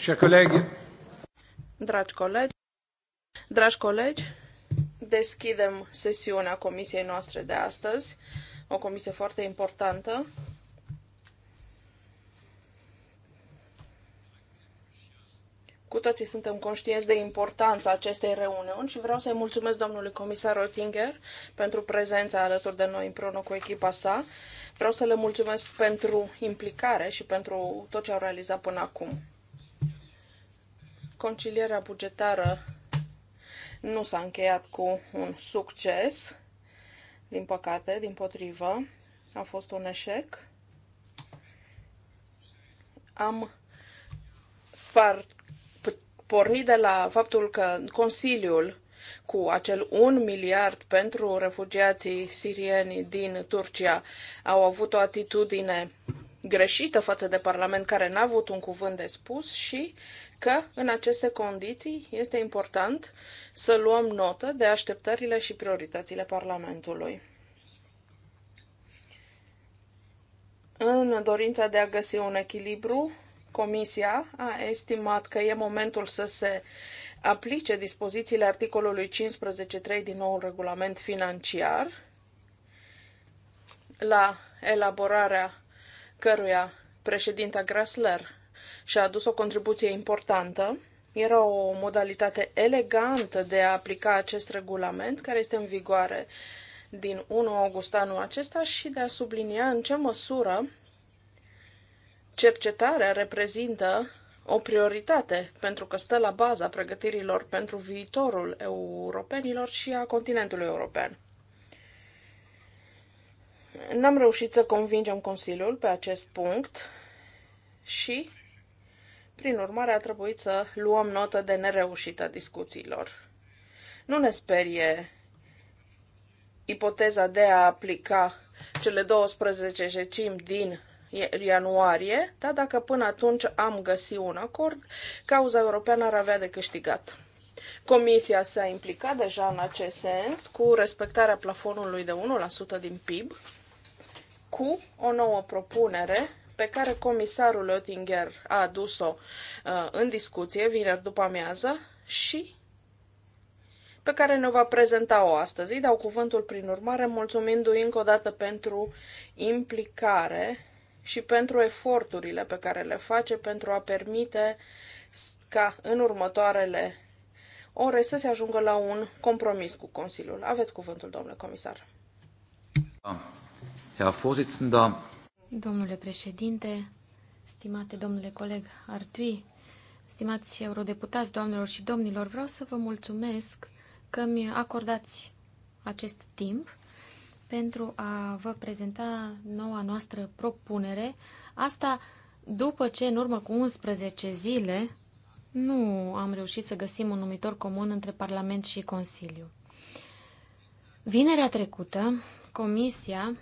Chers collègues. Dragi colegi, dragi colegi, deschidem sesiunea comisiei noastre de astăzi, o comisie foarte importantă. Cu toții suntem conștienți de importanța acestei reuniuni și vreau să-i mulțumesc domnului comisar Oettinger pentru prezența alături de noi împreună cu echipa sa. Vreau să le mulțumesc pentru implicare și pentru tot ce au realizat până acum. Concilierea bugetară nu s-a încheiat cu un succes, din păcate, din potrivă, a fost un eșec. Am par- pornit de la faptul că Consiliul cu acel 1 miliard pentru refugiații sirieni din Turcia au avut o atitudine greșită față de Parlament care n-a avut un cuvânt de spus și că în aceste condiții este important să luăm notă de așteptările și prioritățile Parlamentului. În dorința de a găsi un echilibru, Comisia a estimat că e momentul să se aplice dispozițiile articolului 15.3 din nou regulament financiar la elaborarea căruia președinta Grasler și a adus o contribuție importantă. Era o modalitate elegantă de a aplica acest regulament care este în vigoare din 1 august anul acesta și de a sublinia în ce măsură cercetarea reprezintă o prioritate pentru că stă la baza pregătirilor pentru viitorul europenilor și a continentului european. N-am reușit să convingem Consiliul pe acest punct și prin urmare, a trebuit să luăm notă de nereușită discuțiilor. Nu ne sperie ipoteza de a aplica cele 12 jecim din ianuarie, dar dacă până atunci am găsit un acord, cauza europeană ar avea de câștigat. Comisia s-a implicat deja în acest sens cu respectarea plafonului de 1% din PIB, cu o nouă propunere pe care comisarul Oettinger a adus-o uh, în discuție vineri după amiază și pe care ne va prezenta-o astăzi. Îi dau cuvântul prin urmare, mulțumindu-i încă o dată pentru implicare și pentru eforturile pe care le face pentru a permite ca în următoarele ore să se ajungă la un compromis cu Consiliul. Aveți cuvântul, domnule comisar. Herr Vorsitzender, Domnule președinte, stimate domnule coleg Artui, stimați eurodeputați, doamnelor și domnilor, vreau să vă mulțumesc că mi acordați acest timp pentru a vă prezenta noua noastră propunere. Asta după ce, în urmă cu 11 zile, nu am reușit să găsim un numitor comun între Parlament și Consiliu. Vinerea trecută, Comisia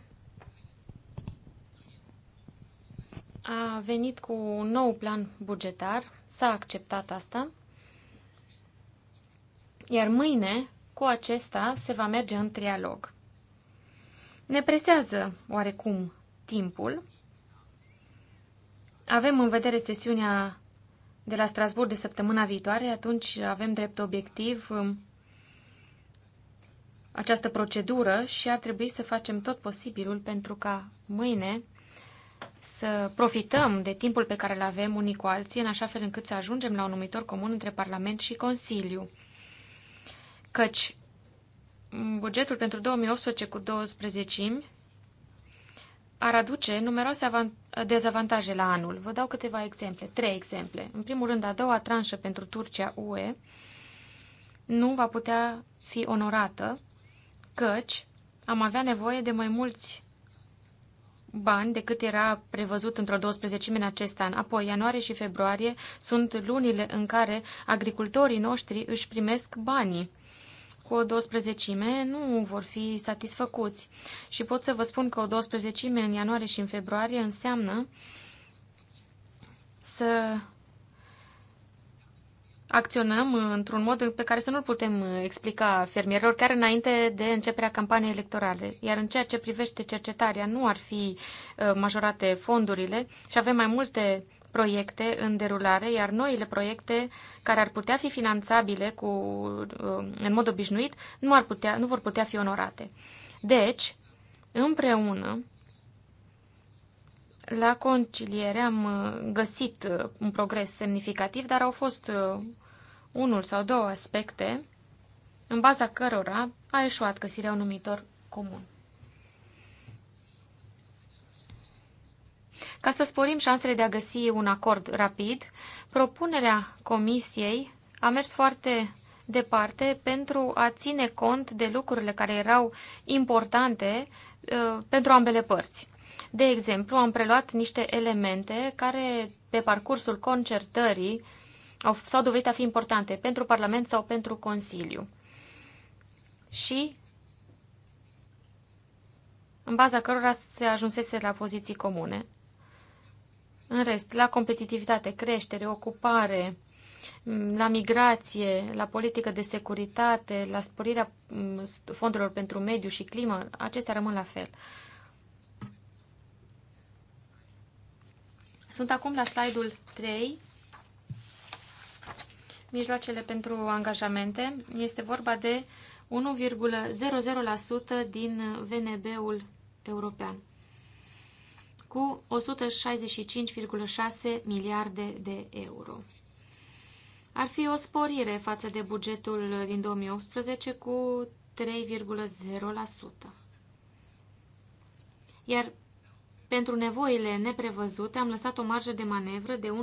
a venit cu un nou plan bugetar, s-a acceptat asta, iar mâine cu acesta se va merge în trialog. Ne presează oarecum timpul. Avem în vedere sesiunea de la Strasburg de săptămâna viitoare, atunci avem drept obiectiv um, această procedură și ar trebui să facem tot posibilul pentru ca mâine să profităm de timpul pe care îl avem unii cu alții, în așa fel încât să ajungem la un numitor comun între Parlament și Consiliu. Căci bugetul pentru 2018 cu 12 ar aduce numeroase dezavantaje la anul. Vă dau câteva exemple, trei exemple. În primul rând, a doua tranșă pentru Turcia UE nu va putea fi onorată, căci am avea nevoie de mai mulți bani decât era prevăzut într-o 12 în acest an. Apoi, ianuarie și februarie sunt lunile în care agricultorii noștri își primesc banii. Cu o 12 nu vor fi satisfăcuți. Și pot să vă spun că o 12 în ianuarie și în februarie înseamnă să acționăm într-un mod pe care să nu-l putem explica fermierilor chiar înainte de începerea campaniei electorale. Iar în ceea ce privește cercetarea, nu ar fi uh, majorate fondurile și avem mai multe proiecte în derulare, iar noile proiecte care ar putea fi finanțabile cu, uh, în mod obișnuit nu, ar putea, nu vor putea fi onorate. Deci, împreună, la conciliere am uh, găsit uh, un progres semnificativ, dar au fost uh, unul sau două aspecte în baza cărora a eșuat găsirea un numitor comun. Ca să sporim șansele de a găsi un acord rapid, propunerea comisiei a mers foarte departe pentru a ține cont de lucrurile care erau importante uh, pentru ambele părți. De exemplu, am preluat niște elemente care, pe parcursul concertării, s-au dovedit a fi importante pentru Parlament sau pentru Consiliu. Și în baza cărora se ajunsese la poziții comune. În rest, la competitivitate, creștere, ocupare, la migrație, la politică de securitate, la sporirea fondurilor pentru mediu și climă, acestea rămân la fel. Sunt acum la slide-ul 3, mijloacele pentru angajamente. Este vorba de 1,00% din VNB-ul european, cu 165,6 miliarde de euro. Ar fi o sporire față de bugetul din 2018 cu 3,0%. Iar pentru nevoile neprevăzute am lăsat o marjă de manevră de 1,3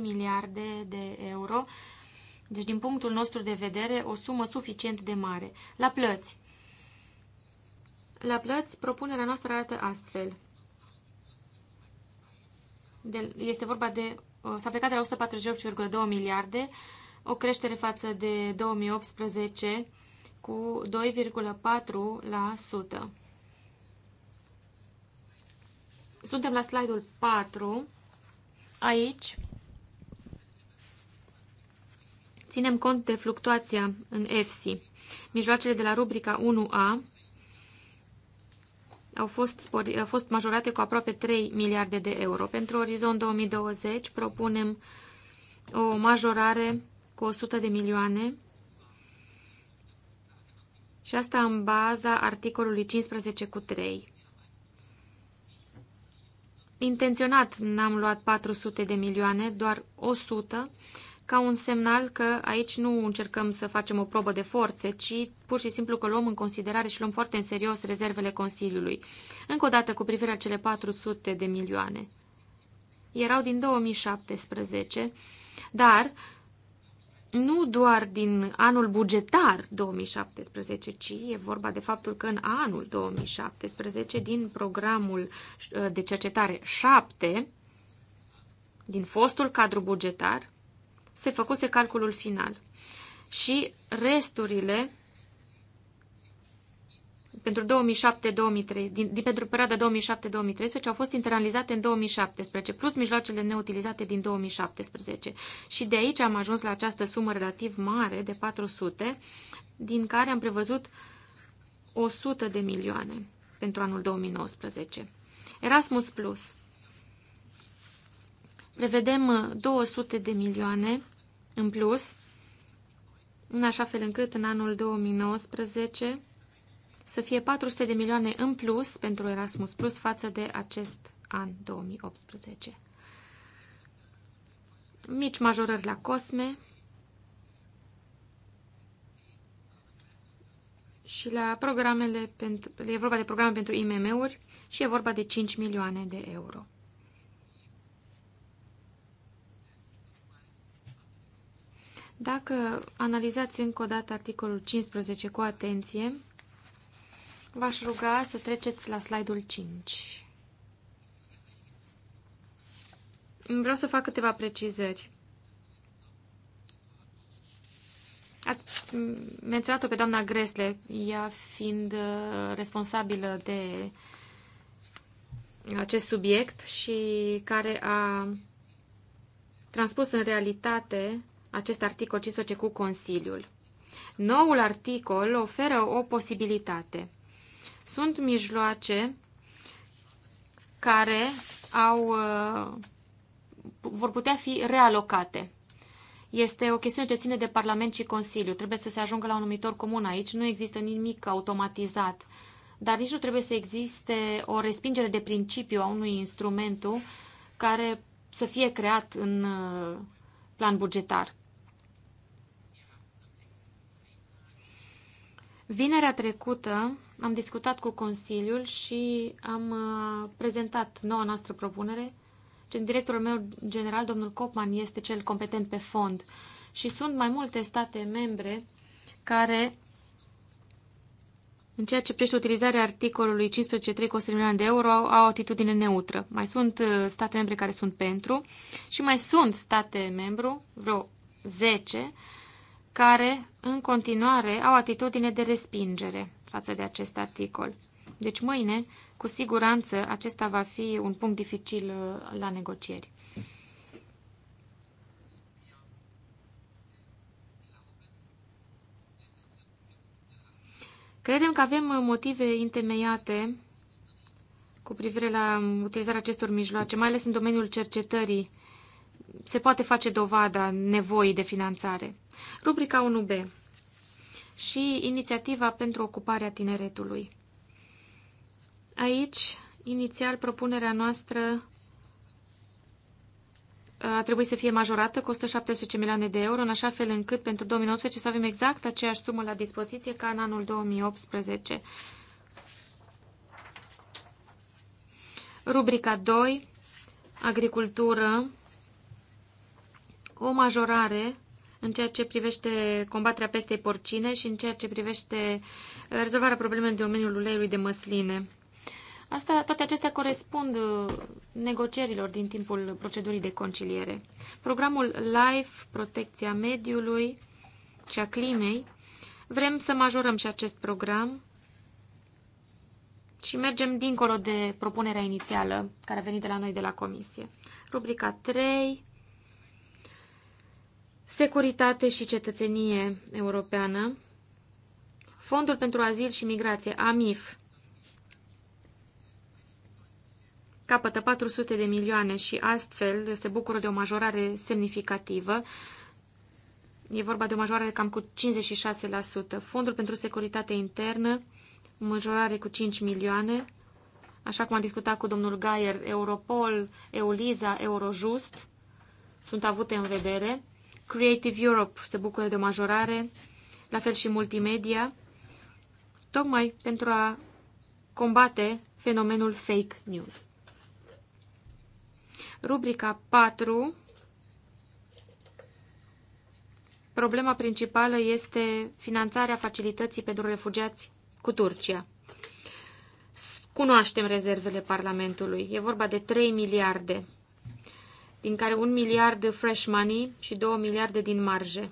miliarde de euro, deci din punctul nostru de vedere o sumă suficient de mare. La plăți. La plăți, propunerea noastră arată astfel. De, este vorba de... S-a plecat de la 148,2 miliarde, o creștere față de 2018 cu 2,4%. Suntem la slide-ul 4. Aici ținem cont de fluctuația în FC. Mijloacele de la rubrica 1A au fost, au fost majorate cu aproape 3 miliarde de euro. Pentru orizont 2020 propunem o majorare cu 100 de milioane și asta în baza articolului 15 cu 3. Intenționat n-am luat 400 de milioane, doar 100, ca un semnal că aici nu încercăm să facem o probă de forțe, ci pur și simplu că luăm în considerare și luăm foarte în serios rezervele Consiliului. Încă o dată cu privire la cele 400 de milioane. Erau din 2017, dar nu doar din anul bugetar 2017, ci e vorba de faptul că în anul 2017, din programul uh, de cercetare 7, din fostul cadru bugetar, se făcuse calculul final. Și resturile pentru, 2007 -2003, din, din, pentru perioada 2007-2013 au fost internalizate în 2017, plus mijloacele neutilizate din 2017. Și de aici am ajuns la această sumă relativ mare de 400, din care am prevăzut 100 de milioane pentru anul 2019. Erasmus Plus. Prevedem 200 de milioane în plus, în așa fel încât în anul 2019 să fie 400 de milioane în plus pentru Erasmus Plus față de acest an 2018. Mici majorări la COSME și la programele pentru, e vorba de programe pentru IMM-uri și e vorba de 5 milioane de euro. Dacă analizați încă o dată articolul 15 cu atenție, v-aș ruga să treceți la slide-ul 5. Vreau să fac câteva precizări. Ați menționat-o pe doamna Gresle, ea fiind uh, responsabilă de acest subiect și care a transpus în realitate acest articol 15 cu Consiliul. Noul articol oferă o posibilitate – sunt mijloace care au, uh, vor putea fi realocate. Este o chestiune ce ține de Parlament și Consiliu. Trebuie să se ajungă la un numitor comun aici. Nu există nimic automatizat, dar nici nu trebuie să existe o respingere de principiu a unui instrumentu care să fie creat în uh, plan bugetar. Vinerea trecută am discutat cu Consiliul și am uh, prezentat noua noastră propunere. Directorul meu general, domnul Copman, este cel competent pe fond și sunt mai multe state membre care, în ceea ce privește utilizarea articolului 15.3 costă milioane de euro, au o atitudine neutră. Mai sunt uh, state membre care sunt pentru și mai sunt state membru, vreo 10, care în continuare au atitudine de respingere față de acest articol. Deci mâine, cu siguranță, acesta va fi un punct dificil uh, la negocieri. Credem că avem uh, motive întemeiate cu privire la um, utilizarea acestor mijloace, mai ales în domeniul cercetării. Se poate face dovada nevoii de finanțare. Rubrica 1b și inițiativa pentru ocuparea tineretului. Aici, inițial, propunerea noastră uh, a trebuit să fie majorată, costă 17 milioane de euro, în așa fel încât pentru 2019 să avem exact aceeași sumă la dispoziție ca în anul 2018. Rubrica 2, agricultură, o majorare în ceea ce privește combaterea pestei porcine și în ceea ce privește uh, rezolvarea problemelor în domeniul uleiului de măsline. Asta, toate acestea corespund uh, negocierilor din timpul procedurii de conciliere. Programul LIFE, protecția mediului și a climei, vrem să majorăm și acest program și mergem dincolo de propunerea inițială care a venit de la noi de la comisie. Rubrica 3, securitate și cetățenie europeană, Fondul pentru Azil și Migrație, AMIF, capătă 400 de milioane și astfel se bucură de o majorare semnificativă. E vorba de o majorare cam cu 56%. Fondul pentru Securitate Internă, majorare cu 5 milioane, așa cum am discutat cu domnul Gaier, Europol, EULIZA, Eurojust, sunt avute în vedere. Creative Europe se bucură de o majorare, la fel și multimedia, tocmai pentru a combate fenomenul fake news. Rubrica 4. Problema principală este finanțarea facilității pentru refugiați cu Turcia. Cunoaștem rezervele Parlamentului. E vorba de 3 miliarde din care un miliard de fresh money și 2 miliarde din marge.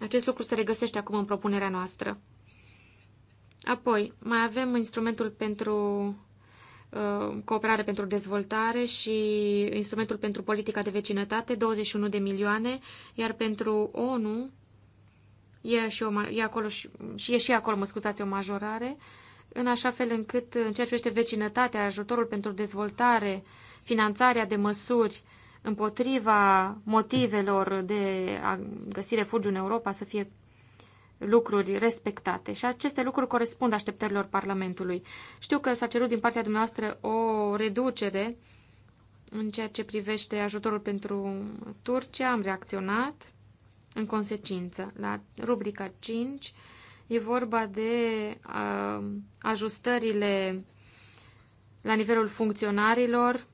Acest lucru se regăsește acum în propunerea noastră. Apoi, mai avem instrumentul pentru uh, cooperare pentru dezvoltare și instrumentul pentru politica de vecinătate, 21 de milioane, iar pentru ONU e, și o, e, acolo, și, e și acolo, mă scuzați, o majorare, în așa fel încât, în ceea ce privește vecinătatea, ajutorul pentru dezvoltare, finanțarea de măsuri împotriva motivelor de a găsi refugiu în Europa să fie lucruri respectate și aceste lucruri corespund așteptărilor Parlamentului. Știu că s-a cerut din partea dumneavoastră o reducere în ceea ce privește ajutorul pentru Turcia, am reacționat în consecință la rubrica 5 E vorba de uh, ajustările la nivelul funcționarilor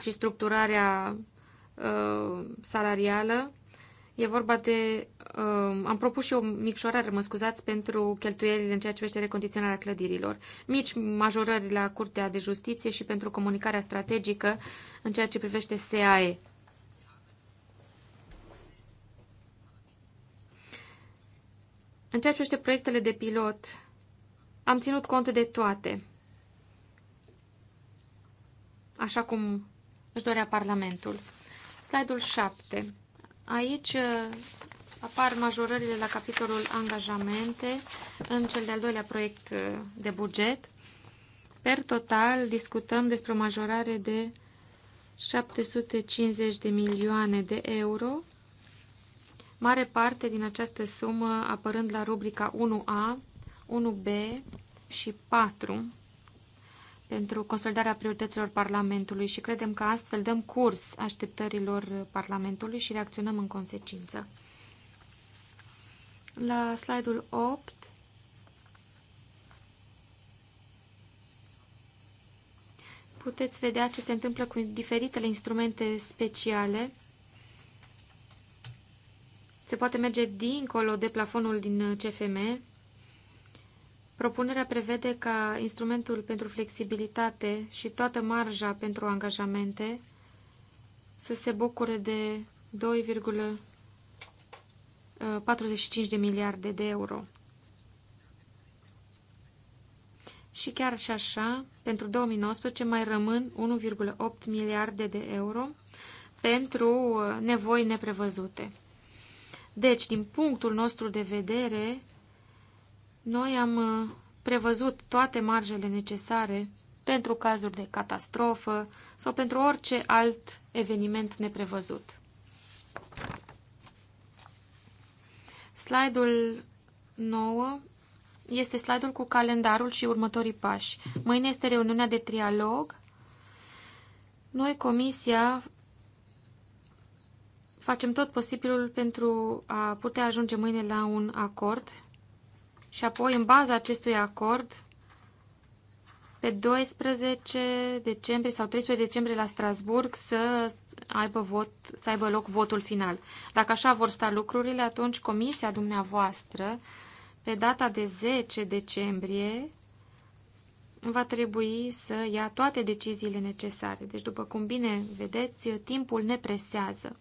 și structurarea uh, salarială. E vorba de... Uh, am propus și o micșorare, mă scuzați, pentru cheltuielile în ceea ce privește recondiționarea clădirilor. Mici majorări la Curtea de Justiție și pentru comunicarea strategică în ceea ce privește SAE. În ceea ce privește proiectele de pilot, am ținut cont de toate, așa cum își dorea Parlamentul. Slide-ul 7. Aici uh, apar majorările la capitolul angajamente în cel de-al doilea proiect uh, de buget. Per total discutăm despre o majorare de 750 de milioane de euro mare parte din această sumă apărând la rubrica 1A, 1B și 4 pentru consolidarea priorităților Parlamentului și credem că astfel dăm curs așteptărilor Parlamentului și reacționăm în consecință. La slide-ul 8 puteți vedea ce se întâmplă cu diferitele instrumente speciale se poate merge dincolo de plafonul din CFM. Propunerea prevede ca instrumentul pentru flexibilitate și toată marja pentru angajamente să se bucure de 2,45 uh, de miliarde de euro. Și chiar și așa, pentru 2019 mai rămân 1,8 miliarde de euro pentru uh, nevoi neprevăzute. Deci, din punctul nostru de vedere, noi am uh, prevăzut toate marjele necesare pentru cazuri de catastrofă sau pentru orice alt eveniment neprevăzut. Slide-ul 9 este slide-ul cu calendarul și următorii pași. Mâine este reuniunea de trialog. Noi, Comisia, facem tot posibilul pentru a putea ajunge mâine la un acord și apoi, în baza acestui acord, pe 12 decembrie sau 13 decembrie la Strasburg să aibă, vot, să aibă loc votul final. Dacă așa vor sta lucrurile, atunci comisia dumneavoastră, pe data de 10 decembrie, va trebui să ia toate deciziile necesare. Deci, după cum bine vedeți, timpul ne presează.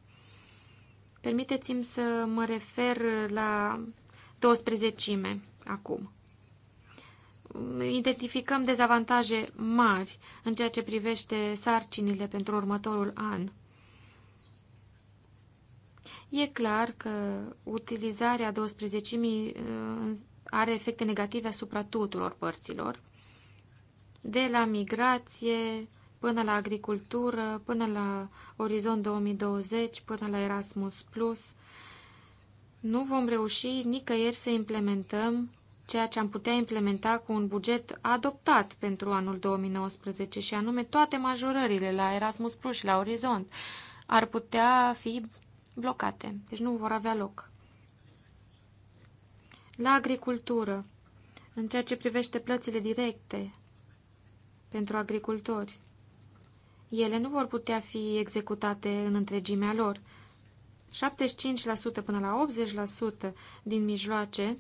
Permiteți-mi să mă refer la 12 acum. Identificăm dezavantaje mari în ceea ce privește sarcinile pentru următorul an. E clar că utilizarea 12.000 uh, are efecte negative asupra tuturor părților, de la migrație, până la agricultură, până la Orizont 2020, până la Erasmus+. Plus, Nu vom reuși nicăieri să implementăm ceea ce am putea implementa cu un buget adoptat pentru anul 2019 și anume toate majorările la Erasmus Plus și la Orizont ar putea fi blocate, deci nu vor avea loc. La agricultură, în ceea ce privește plățile directe pentru agricultori, ele nu vor putea fi executate în întregimea lor. 75% până la 80% din mijloace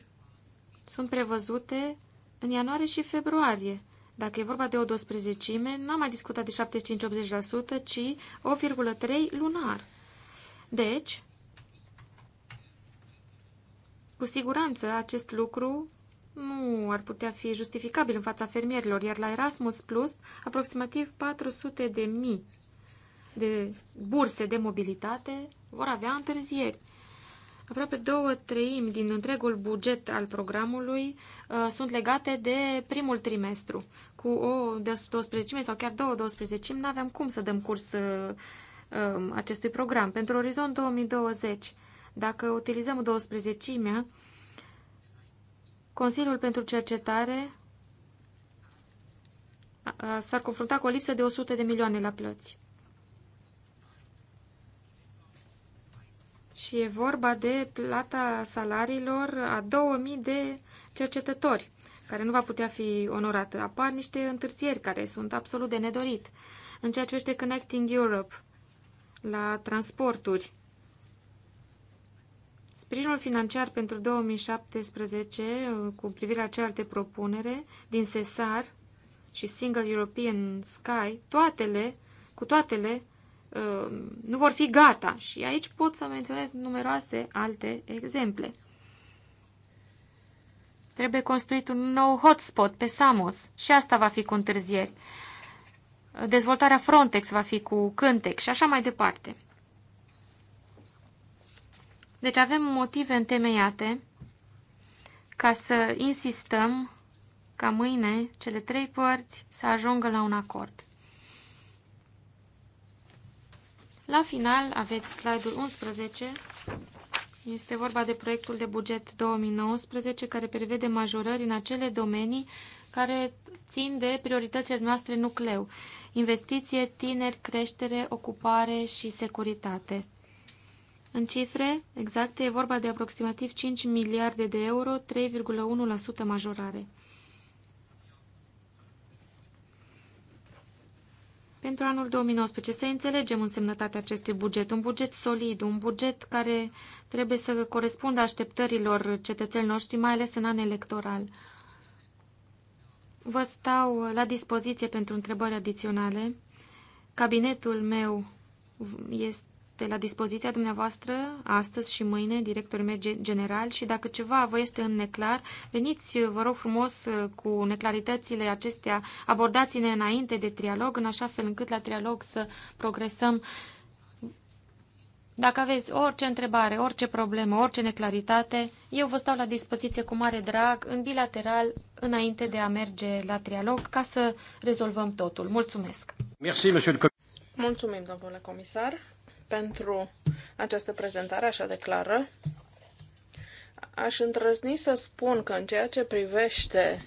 sunt prevăzute în ianuarie și februarie. Dacă e vorba de o dosprezecime, n-am mai discutat de 75-80%, ci 8,3 lunar. Deci, cu siguranță acest lucru nu ar putea fi justificabil în fața fermierilor, iar la Erasmus Plus aproximativ 400 de mii de burse de mobilitate vor avea întârzieri. Aproape două treimi din întregul buget al programului uh, sunt legate de primul trimestru. Cu o 12 sau chiar două 12 nu aveam cum să dăm curs uh, um, acestui program. Pentru Orizont 2020, dacă utilizăm 12 Consiliul pentru Cercetare s a confruntat cu o lipsă de 100 de milioane la plăți. Și e vorba de plata salariilor a 2000 de cercetători, care nu va putea fi onorată. Apar niște întârzieri care sunt absolut de nedorit. În ceea ce este Connecting Europe, la transporturi, Sprijinul financiar pentru 2017 cu privire la celelalte propunere din SESAR și Single European Sky, toatele, cu toatele, uh, nu vor fi gata. Și aici pot să menționez numeroase alte exemple. Trebuie construit un nou hotspot pe Samos și asta va fi cu întârzieri. Dezvoltarea Frontex va fi cu cântec și așa mai departe. Deci avem motive întemeiate ca să insistăm ca mâine cele trei părți să ajungă la un acord. La final aveți slide-ul 11. Este vorba de proiectul de buget 2019 care prevede majorări în acele domenii care țin de prioritățile noastre nucleu. Investiție, tineri, creștere, ocupare și securitate. În cifre exacte, e vorba de aproximativ 5 miliarde de euro, 3,1% majorare. Pentru anul 2019, să înțelegem însemnătatea acestui buget, un buget solid, un buget care trebuie să corespundă așteptărilor cetățenilor noștri, mai ales în an electoral. Vă stau la dispoziție pentru întrebări adiționale. Cabinetul meu este este la dispoziția dumneavoastră astăzi și mâine, directorul meu general, și dacă ceva vă este în neclar, veniți, vă rog frumos, cu neclaritățile acestea, abordați-ne înainte de trialog, în așa fel încât la trialog să progresăm. Dacă aveți orice întrebare, orice problemă, orice neclaritate, eu vă stau la dispoziție cu mare drag, în bilateral, înainte de a merge la trialog, ca să rezolvăm totul. Mulțumesc! Mulțumim, domnule comisar pentru această prezentare așa de clară. Aș îndrăzni să spun că în ceea ce privește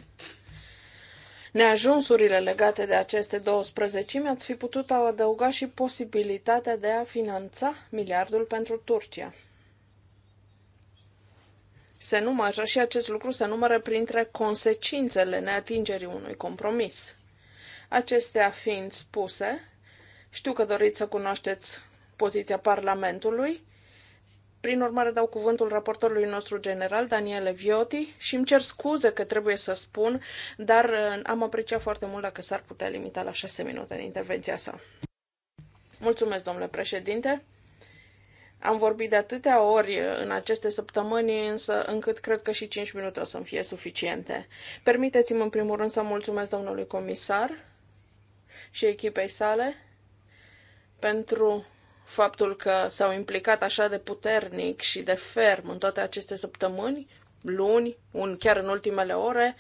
neajunsurile legate de aceste 12, mi-ați fi putut adăuga și posibilitatea de a finanța miliardul pentru Turcia. Se numără și acest lucru se numără printre consecințele neatingerii unui compromis. Acestea fiind spuse, știu că doriți să cunoașteți poziția Parlamentului. Prin urmare, dau cuvântul raportorului nostru general, Daniele Vioti, și îmi cer scuze că trebuie să spun, dar uh, am apreciat foarte mult dacă s-ar putea limita la șase minute în intervenția sa. Mulțumesc, domnule președinte. Am vorbit de atâtea ori uh, în aceste săptămâni, însă încât cred că și 5 minute o să-mi fie suficiente. Permiteți-mi în primul rând să mulțumesc domnului comisar și echipei sale pentru faptul că s-au implicat așa de puternic și de ferm în toate aceste săptămâni, luni, un, chiar în ultimele ore,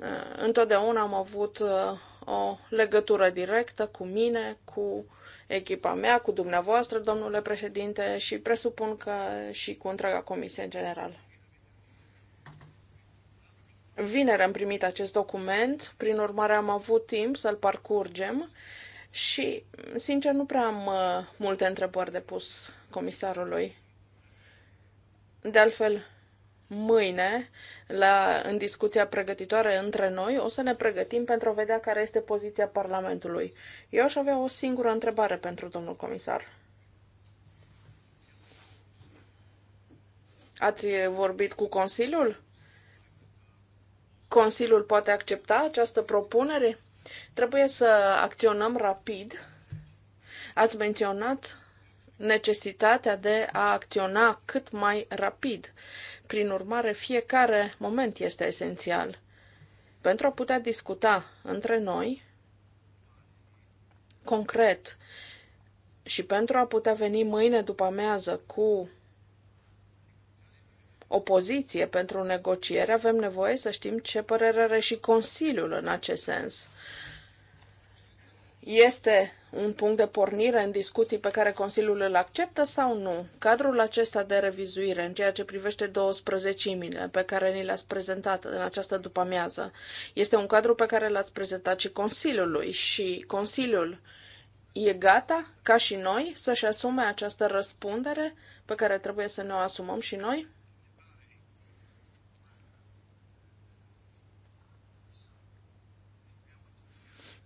eh, întotdeauna am avut eh, o legătură directă cu mine, cu echipa mea, cu dumneavoastră, domnule președinte, și presupun că și cu întreaga comisie în general. Vineri am primit acest document, prin urmare am avut timp să-l parcurgem și, sincer, nu prea am uh, multe întrebări de pus comisarului. De altfel, mâine, la, în discuția pregătitoare între noi, o să ne pregătim pentru a vedea care este poziția Parlamentului. Eu aș avea o singură întrebare pentru domnul comisar. Ați vorbit cu Consiliul? Consiliul poate accepta această propunere? Trebuie să acționăm rapid. Ați menționat necesitatea de a acționa cât mai rapid. Prin urmare, fiecare moment este esențial. Pentru a putea discuta între noi, concret, și pentru a putea veni mâine după amează cu opoziție pentru negociere, avem nevoie să știm ce părere are și Consiliul în acest sens. Este un punct de pornire în discuții pe care Consiliul îl acceptă sau nu? Cadrul acesta de revizuire în ceea ce privește 12 mile pe care ni le-ați prezentat în această după-amiază este un cadru pe care l-ați prezentat și Consiliului și Consiliul e gata, ca și noi, să-și asume această răspundere pe care trebuie să ne o asumăm și noi?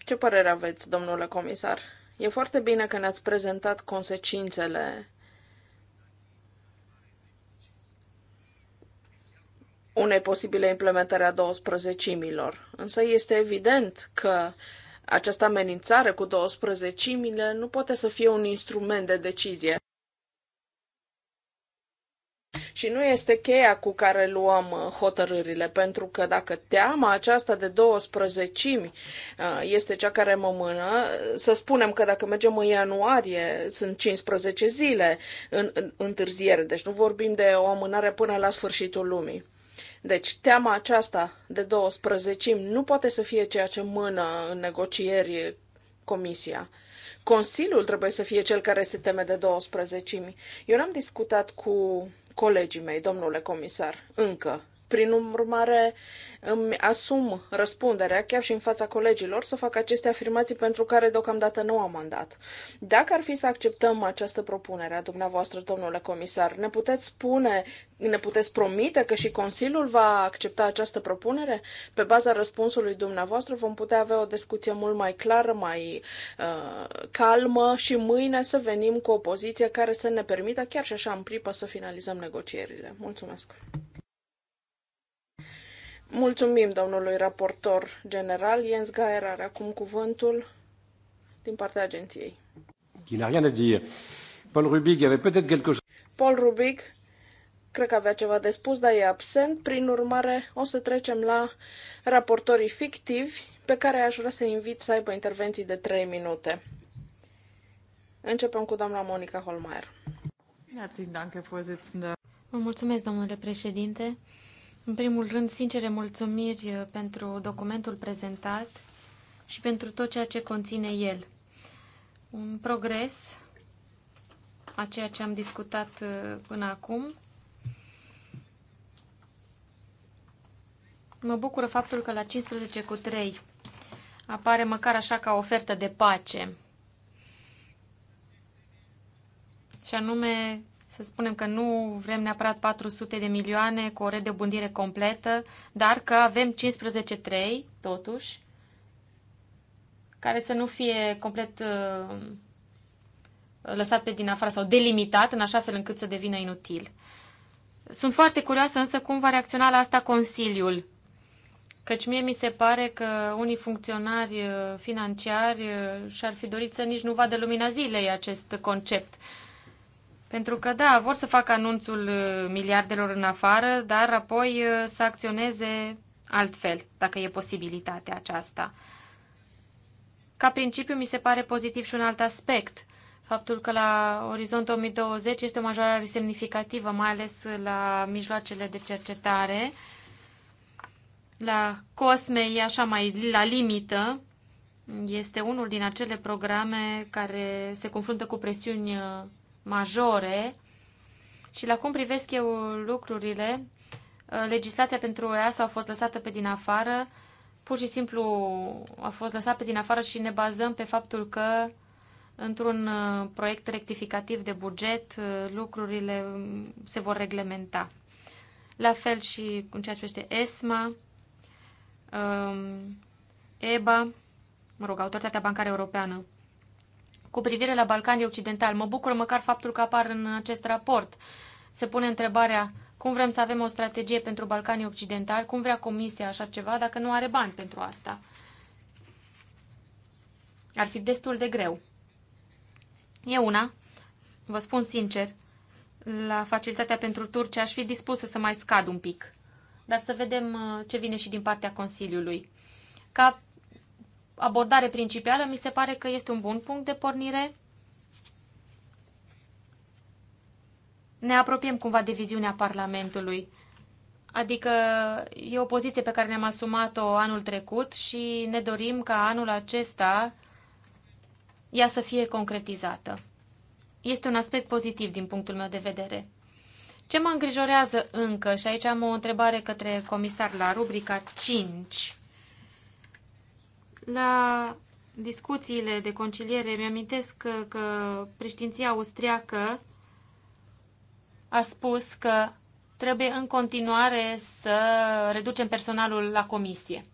Ce părere aveți, domnule comisar? E foarte bine că ne-ați prezentat consecințele unei posibile implementări a 12-milor. Însă este evident că această amenințare cu 12-mile nu poate să fie un instrument de decizie. Și nu este cheia cu care luăm uh, hotărârile, pentru că dacă teama aceasta de 12 uh, este cea care mă mână, să spunem că dacă mergem în ianuarie, sunt 15 zile în, în întârziere, deci nu vorbim de o amânare până la sfârșitul lumii. Deci, teama aceasta de 12 nu poate să fie ceea ce mână în negocieri comisia. Consiliul trebuie să fie cel care se teme de 12. Eu n-am discutat cu colegii mei, domnule comisar, încă prin urmare, îmi asum răspunderea, chiar și în fața colegilor, să fac aceste afirmații pentru care deocamdată nu am mandat. Dacă ar fi să acceptăm această propunere a dumneavoastră, domnule comisar, ne puteți spune, ne puteți promite că și Consiliul va accepta această propunere? Pe baza răspunsului dumneavoastră vom putea avea o discuție mult mai clară, mai uh, calmă și mâine să venim cu o poziție care să ne permită chiar și așa în pripă să finalizăm negocierile. Mulțumesc! Mulțumim domnului raportor general. Jens Gaer are acum cuvântul din partea agenției. Il n'a rien à dire. Paul Rubic avait peut-être quelque chose. Paul Rubic cred că avea ceva de spus, dar e absent. Prin urmare, o să trecem la raportorii fictivi pe care aș vrea să invit să aibă intervenții de 3 minute. Începem cu doamna Monica Holmeier. Vă mulțumesc, domnule președinte. În primul rând, sincere mulțumiri uh, pentru documentul prezentat și pentru tot ceea ce conține el. Un progres a ceea ce am discutat uh, până acum. Mă bucură faptul că la 15 cu 3 apare măcar așa ca ofertă de pace. Și anume să spunem că nu vrem neapărat 400 de milioane cu o redobândire completă, dar că avem 15.3, totuși, care să nu fie complet uh, lăsat pe din afară sau delimitat în așa fel încât să devină inutil. Sunt foarte curioasă însă cum va reacționa la asta Consiliul, căci mie mi se pare că unii funcționari uh, financiari uh, și-ar fi dorit să nici nu vadă lumina zilei acest concept. Pentru că, da, vor să facă anunțul uh, miliardelor în afară, dar apoi uh, să acționeze altfel, dacă e posibilitatea aceasta. Ca principiu, mi se pare pozitiv și un alt aspect. Faptul că la Orizont 2020 este o majorare semnificativă, mai ales la mijloacele de cercetare. La COSME e așa mai la limită. Este unul din acele programe care se confruntă cu presiuni uh, majore și la cum privesc eu lucrurile, uh, legislația pentru EASA a fost lăsată pe din afară, pur și simplu a fost lăsată pe din afară și ne bazăm pe faptul că într-un uh, proiect rectificativ de buget uh, lucrurile um, se vor reglementa. La fel și cu ceea ce este ESMA, um, EBA, mă rog, Autoritatea Bancară Europeană cu privire la Balcanii Occidentali. Mă bucur măcar faptul că apar în acest raport. Se pune întrebarea cum vrem să avem o strategie pentru Balcanii Occidentali, cum vrea Comisia așa ceva dacă nu are bani pentru asta. Ar fi destul de greu. E una, vă spun sincer, la facilitatea pentru Turcia aș fi dispusă să mai scad un pic. Dar să vedem uh, ce vine și din partea Consiliului. Ca abordare principală mi se pare că este un bun punct de pornire. Ne apropiem cumva de viziunea Parlamentului. Adică e o poziție pe care ne-am asumat-o anul trecut și ne dorim ca anul acesta ea să fie concretizată. Este un aspect pozitiv din punctul meu de vedere. Ce mă îngrijorează încă, și aici am o întrebare către comisar la rubrica 5, la discuțiile de conciliere mi-amintesc că, că preștinția austriacă a spus că trebuie în continuare să reducem personalul la comisie.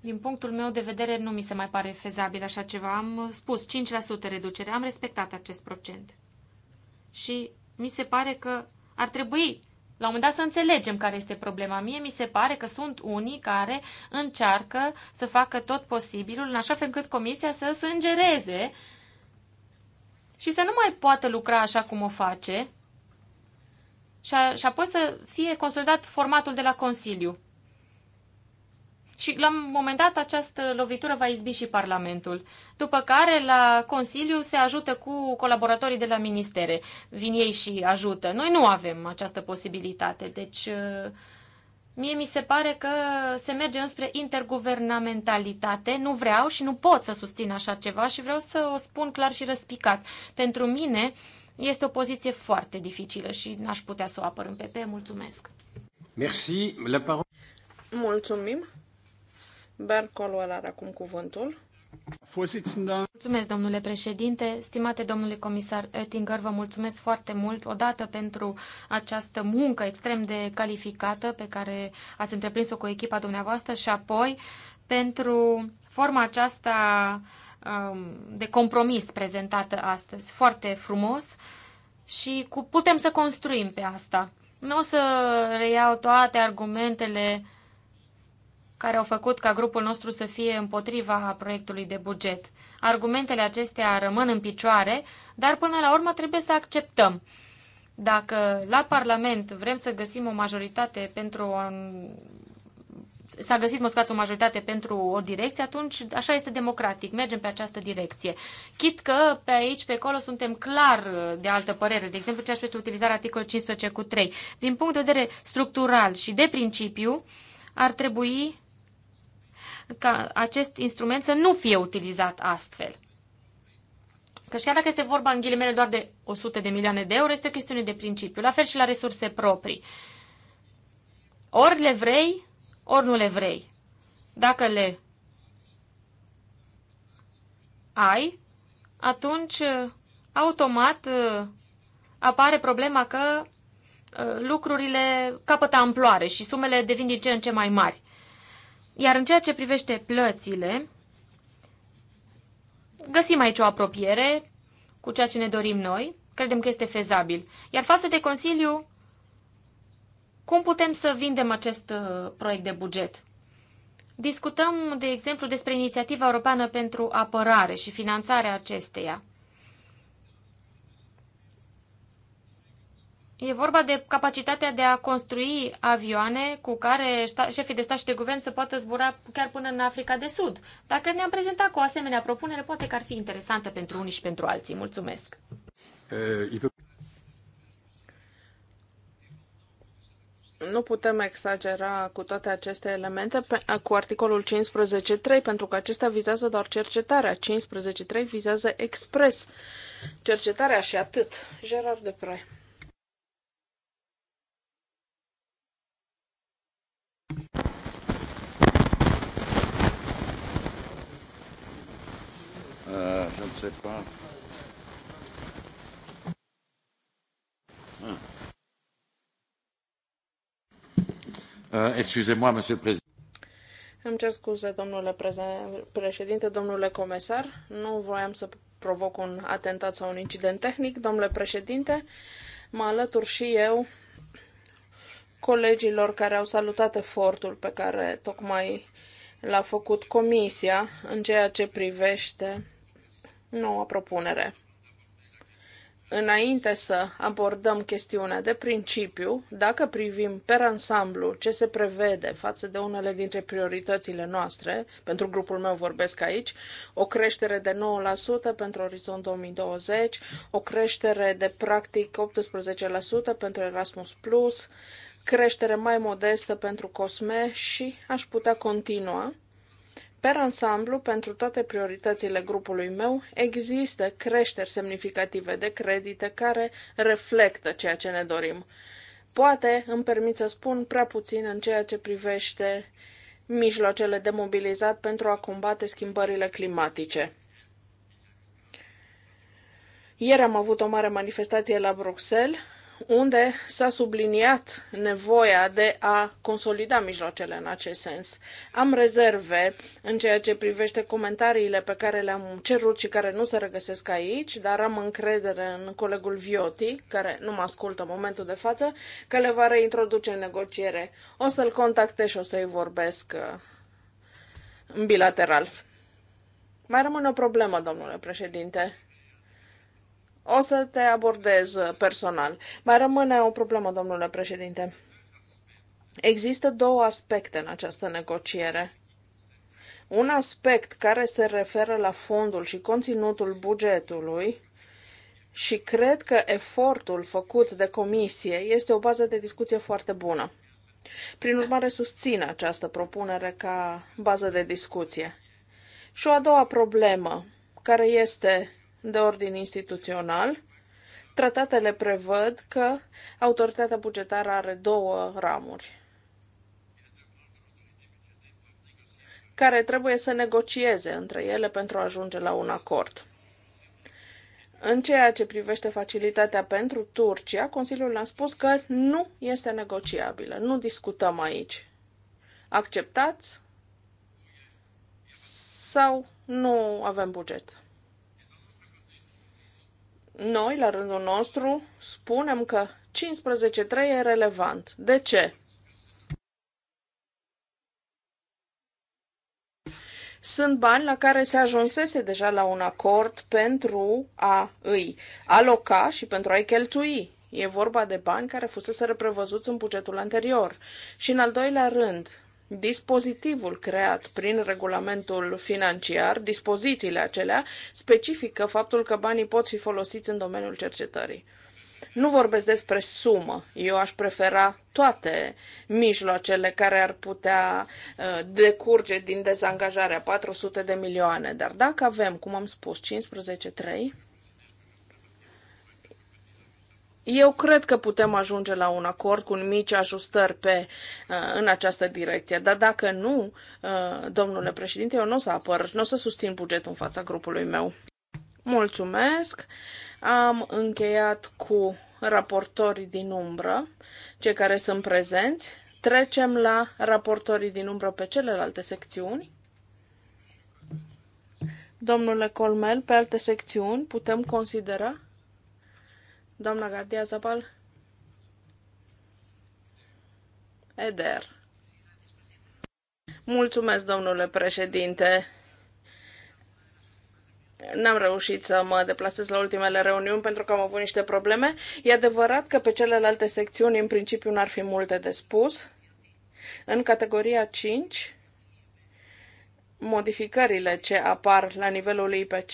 Din punctul meu de vedere, nu mi se mai pare fezabil așa ceva. Am spus 5% reducere, am respectat acest procent. Și mi se pare că ar trebui la un moment dat să înțelegem care este problema. Mie mi se pare că sunt unii care încearcă să facă tot posibilul în așa fel încât comisia să sângereze și să nu mai poată lucra așa cum o face și, a, și apoi să fie consolidat formatul de la Consiliu. Și la un moment dat această lovitură va izbi și Parlamentul. După care la Consiliu se ajută cu colaboratorii de la ministere. Vin ei și ajută. Noi nu avem această posibilitate. Deci uh, mie mi se pare că se merge înspre interguvernamentalitate. Nu vreau și nu pot să susțin așa ceva și vreau să o spun clar și răspicat. Pentru mine este o poziție foarte dificilă și n-aș putea să o apăr în PP. Mulțumesc. Merci. La parole. Mulțumim. Bercolul Colwell are acum cuvântul. Mulțumesc, domnule președinte. Stimate domnule comisar Oettinger, vă mulțumesc foarte mult odată pentru această muncă extrem de calificată pe care ați întreprins-o cu echipa dumneavoastră și apoi pentru forma aceasta um, de compromis prezentată astăzi. Foarte frumos și cu, putem să construim pe asta. Nu o să reiau toate argumentele care au făcut ca grupul nostru să fie împotriva proiectului de buget. Argumentele acestea rămân în picioare, dar până la urmă trebuie să acceptăm. Dacă la Parlament vrem să găsim o majoritate pentru un s-a găsit, mă o majoritate pentru o direcție, atunci așa este democratic, mergem pe această direcție. Chit că pe aici, pe acolo, suntem clar de altă părere, de exemplu, ceea ce privește utilizarea articolului 15 cu 3. Din punct de vedere structural și de principiu, ar trebui ca acest instrument să nu fie utilizat astfel. Că și chiar dacă este vorba în ghilimele doar de 100 de milioane de euro, este o chestiune de principiu. La fel și la resurse proprii. Ori le vrei, ori nu le vrei. Dacă le ai, atunci uh, automat uh, apare problema că uh, lucrurile capătă amploare și sumele devin din ce în ce mai mari. Iar în ceea ce privește plățile, găsim aici o apropiere cu ceea ce ne dorim noi, credem că este fezabil. Iar față de Consiliu, cum putem să vindem acest uh, proiect de buget? Discutăm, de exemplu, despre inițiativa europeană pentru apărare și finanțarea acesteia. E vorba de capacitatea de a construi avioane cu care șefii de stat și de guvern să poată zbura chiar până în Africa de Sud. Dacă ne-am prezentat cu o asemenea propunere, poate că ar fi interesantă pentru unii și pentru alții. Mulțumesc! Nu putem exagera cu toate aceste elemente cu articolul 15.3, pentru că acesta vizează doar cercetarea. 15.3 vizează expres cercetarea și atât. Gerard Depre. je ne sais pas. Ah. Uh, excusez-moi, monsieur le président. Îmi cer scuze, domnule președinte, domnule comisar. Nu voiam să provoc un atentat sau un incident tehnic. Domnule președinte, mă alătur și eu colegilor care au salutat efortul pe care tocmai l-a făcut comisia în ceea ce privește noua propunere. Înainte să abordăm chestiunea de principiu, dacă privim per ansamblu ce se prevede față de unele dintre prioritățile noastre, pentru grupul meu vorbesc aici, o creștere de 9% pentru Orizont 2020, o creștere de practic 18% pentru Erasmus+, creștere mai modestă pentru Cosme și aș putea continua Per ansamblu, pentru toate prioritățile grupului meu, există creșteri semnificative de credite care reflectă ceea ce ne dorim. Poate îmi permit să spun prea puțin în ceea ce privește mijloacele de mobilizat pentru a combate schimbările climatice. Ieri am avut o mare manifestație la Bruxelles unde s-a subliniat nevoia de a consolida mijloacele în acest sens. Am rezerve în ceea ce privește comentariile pe care le-am cerut și care nu se regăsesc aici, dar am încredere în colegul Vioti, care nu mă ascultă în momentul de față, că le va reintroduce în negociere. O să-l contactez și o să-i vorbesc uh, în bilateral. Mai rămâne o problemă, domnule președinte o să te abordez uh, personal. Mai rămâne o problemă, domnule președinte. Există două aspecte în această negociere. Un aspect care se referă la fondul și conținutul bugetului și cred că efortul făcut de comisie este o bază de discuție foarte bună. Prin urmare, susțin această propunere ca bază de discuție. Și o a doua problemă, care este de ordin instituțional. Tratatele prevăd că autoritatea bugetară are două ramuri care trebuie să negocieze între ele pentru a ajunge la un acord. În ceea ce privește facilitatea pentru Turcia, Consiliul ne-a spus că nu este negociabilă, nu discutăm aici. Acceptați sau nu avem buget? noi, la rândul nostru, spunem că 15.3 e relevant. De ce? sunt bani la care se ajunsese deja la un acord pentru a îi aloca și pentru a-i cheltui. E vorba de bani care fusese prevăzuți în bugetul anterior. Și în al doilea rând, Dispozitivul creat prin regulamentul financiar, dispozițiile acelea, specifică faptul că banii pot fi folosiți în domeniul cercetării. Nu vorbesc despre sumă. Eu aș prefera toate mijloacele care ar putea uh, decurge din dezangajarea 400 de milioane. Dar dacă avem, cum am spus, 15-3, eu cred că putem ajunge la un acord cu mici ajustări pe, uh, în această direcție, dar dacă nu, uh, domnule președinte, eu nu o să apăr, nu o să susțin bugetul în fața grupului meu. Mulțumesc! Am încheiat cu raportorii din umbră, cei care sunt prezenți. Trecem la raportorii din umbră pe celelalte secțiuni. Domnule Colmel, pe alte secțiuni putem considera Doamna Gardia Zapal? Eder. Mulțumesc, domnule președinte. N-am reușit să mă deplasez la ultimele reuniuni pentru că am avut niște probleme. E adevărat că pe celelalte secțiuni, în principiu, n-ar fi multe de spus. În categoria 5, modificările ce apar la nivelul IPC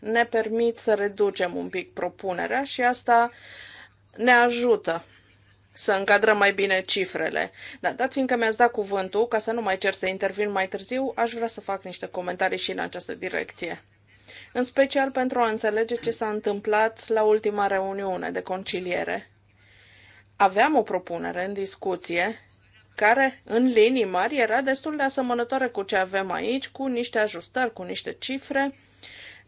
ne permit să reducem un pic propunerea și asta ne ajută să încadrăm mai bine cifrele. Dar dat fiindcă mi-ați dat cuvântul, ca să nu mai cer să intervin mai târziu, aș vrea să fac niște comentarii și în această direcție. În special pentru a înțelege ce s-a întâmplat la ultima reuniune de conciliere. Aveam o propunere în discuție care, în linii mari, era destul de asemănătoare cu ce avem aici, cu niște ajustări, cu niște cifre,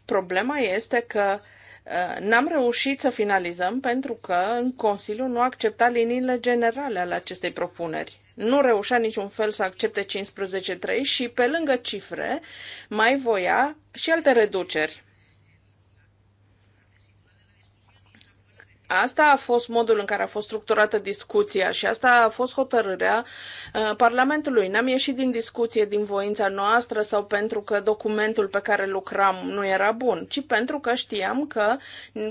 Problema este că uh, n-am reușit să finalizăm pentru că în Consiliu nu accepta liniile generale ale acestei propuneri. Nu reușea niciun fel să accepte 15.3 și pe lângă cifre mai voia și alte reduceri. Asta a fost modul în care a fost structurată discuția și asta a fost hotărârea uh, Parlamentului. N-am ieșit din discuție din voința noastră sau pentru că documentul pe care lucram nu era bun, ci pentru că știam că